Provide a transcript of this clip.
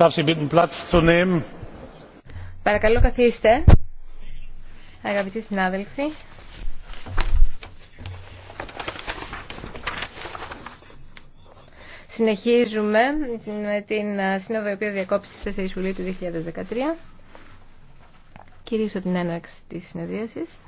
Darf Παρακαλώ καθίστε, αγαπητοί συνάδελφοι. Συνεχίζουμε με την ε, σύνοδο η οποία διακόψει στις 4 Ιουλίου του 2013. Κυρίσω την έναρξη της συνεδρίασης.